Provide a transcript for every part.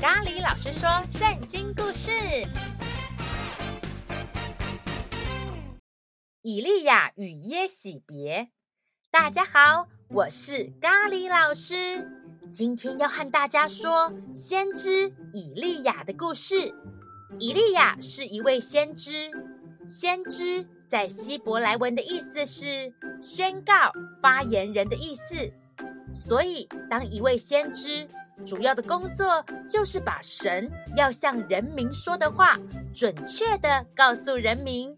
咖喱老師說聖經故事：以利亞與耶洗別。大家好，我是咖喱老師，今天要和大家說先知以利亞的故事。以利亞是一位先知，先知在希伯來文的意思是宣告、發言人的意思。所以，當一位先知，主要的工作就是把神要向人民說的話，準確地告訴人民。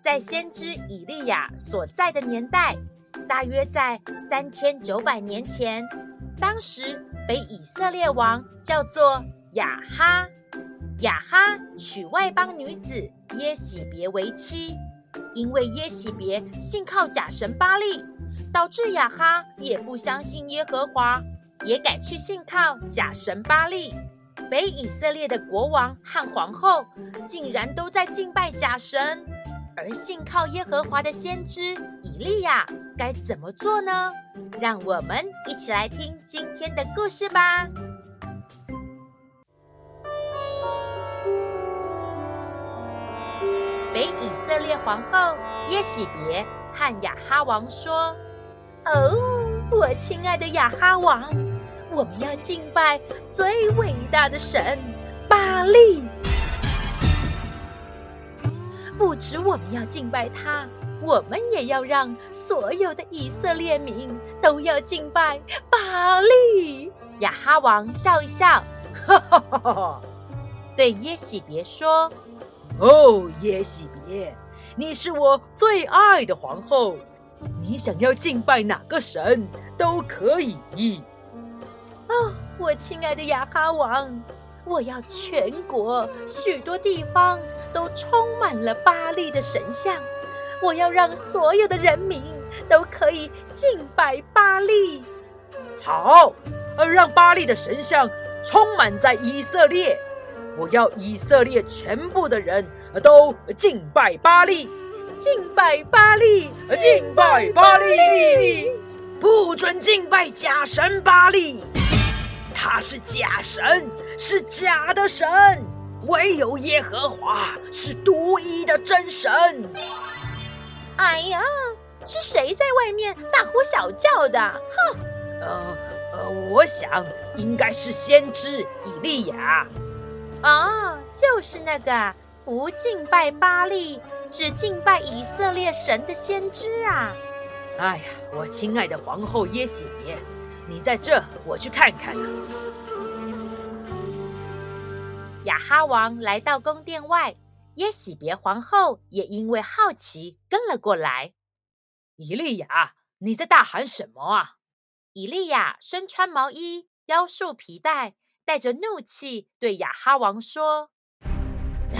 在先知以利亞所在的年代，大約在三千九百年前，當時北以色列王叫做亞哈，亞哈娶外邦女子耶洗別為妻，因為耶洗別信靠假神巴力。導致亞哈也不相信耶和華，也改去信靠假神巴力。北以色列的國王和皇后竟然都在敬拜假神，而信靠耶和華的先知以利亞該怎麼做呢？讓我們一起來聽今天的故事吧。北以色列皇后耶洗別和亞哈王說。哦，oh, 我親愛的亞哈王，我們要敬拜最偉大的神巴力。不止我們要敬拜他，我們也要讓所有的以色列民都要敬拜巴力。亞哈王笑一笑，哈哈哈哈哈！對耶洗別說，哦，耶洗別，你是我最愛的皇後。你想要敬拜哪個神都可以。哦，我親愛的雅哈王，我要全國許多地方都充滿了巴利的神像，我要讓所有的人民都可以敬拜巴利好，而讓巴利的神像充滿在以色列，我要以色列全部的人都敬拜巴利。敬拜巴力，敬拜巴力，不准敬拜假神巴力。他是假神，是假的神。唯有耶和華是獨一的真神。哎呀，是誰在外面大呼小叫的？哼，呃呃，我想應該是先知以利亞。哦，就是那個不敬拜巴力，只敬拜以色列神的先知啊！哎呀，我親愛的皇后耶洗別，你在這，我去看看吶、啊。亞哈王來到宮殿外，耶洗別皇後也因為好奇跟了過來。以利亞，你在大喊什麼啊？以利亞身穿毛衣，腰束皮帶，帶着怒氣對亞哈王說：“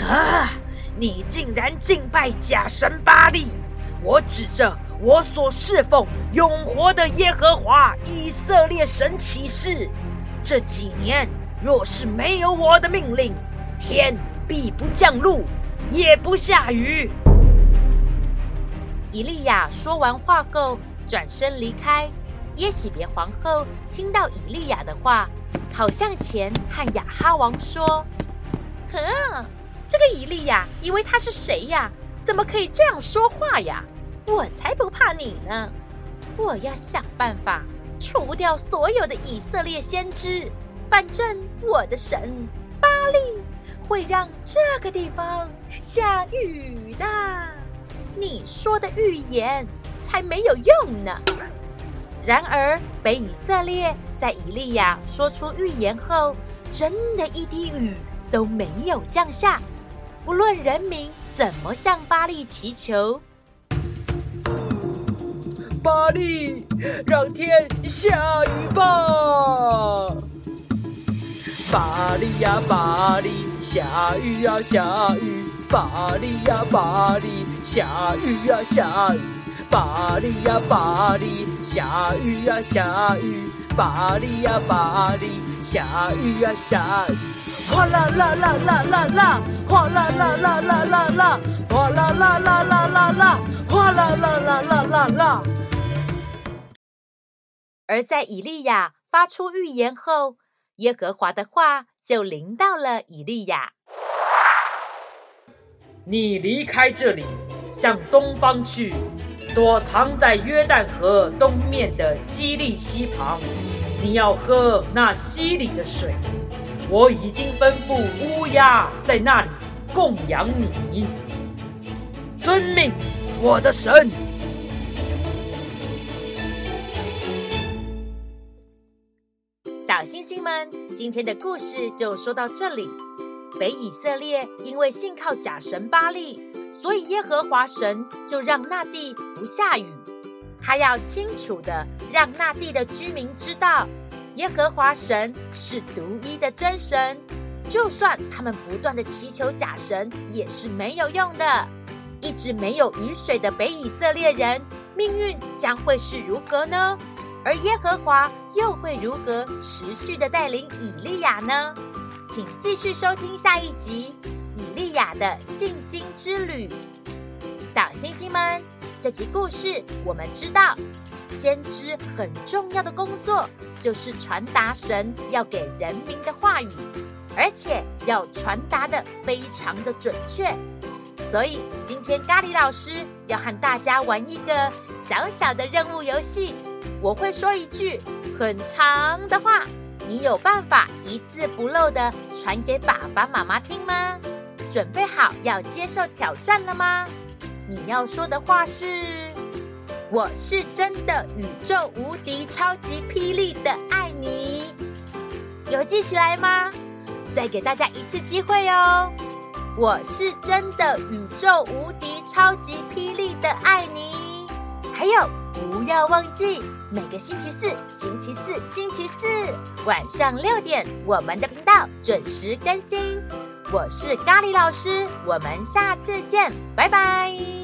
啊！”你竟然敬拜假神巴力。我指着我所侍奉永活的耶和華以色列神起誓：這幾年若是沒有我的命令，天必不降露，也不下雨。以利亞說完話後，轉身離開。耶洗別皇后聽到以利亞的話，跑向前和亞哈王說：“呵。”這個以利亞以為他是誰呀？怎麼可以這樣說話呀？我才不怕你呢！我要想辦法除掉所有的以色列先知。反正我的神巴力會讓這個地方下雨的。你說的預言才沒有用呢。然而，北以色列在以利亞說出預言後，真的一滴雨都沒有降下。不論人民怎麼向巴力祈求巴力讓天下雨吧！巴力呀、啊、巴力，下雨呀、啊、下雨！巴力呀、啊、巴力，下雨呀、啊、下雨！巴力呀，巴力，下雨呀，下雨，巴力呀，巴力，下雨呀，下雨，嘩啦啦啦啦啦啦，嘩啦啦啦啦啦啦，嘩啦啦啦啦啦啦，嘩啦啦啦啦啦啦。而在以利亞發出預言後，耶和華的話就臨到了以利亞。你離開這裡，向東方去。躲藏在約旦河東面的基立溪旁，你要喝那溪裡的水。我已經吩咐烏鴉在那裡供養你。遵命，我的神。小星星們，今天的故事就說到這裡。北以色列因為信靠假神巴力，所以耶和華神就讓那地不下雨，他要清楚地讓那地的居民知道，耶和華神是獨一的真神，就算他們不斷的祈求假神也是沒有用的。一直沒有雨水的北以色列人，命運將會是如何呢？而耶和華又會如何持續的帶領以利亞呢？請繼續收聽下一集。雅的信心之旅，小星星們，這集故事我們知道，先知很重要的工作就是傳達神要給人民的話語，而且要傳達得非常的準確。所以今天咖哩老師要和大家玩一個小小的任務遊戲。我會說一句很長的話，你有辦法一字不漏地傳給爸爸媽媽聽嗎？準備好要接受挑戰了嗎？你要說的話是：“我是真的宇宙無敵超級霹靂的愛你。”有記起來嗎？再給大家一次機會哦！我是真的宇宙無敵超級霹靂的愛你。還有，不要忘記每個星期四，星期四，星期四晚上六點，我們的頻道準時更新。我是咖喱老師，我們下次見，拜拜。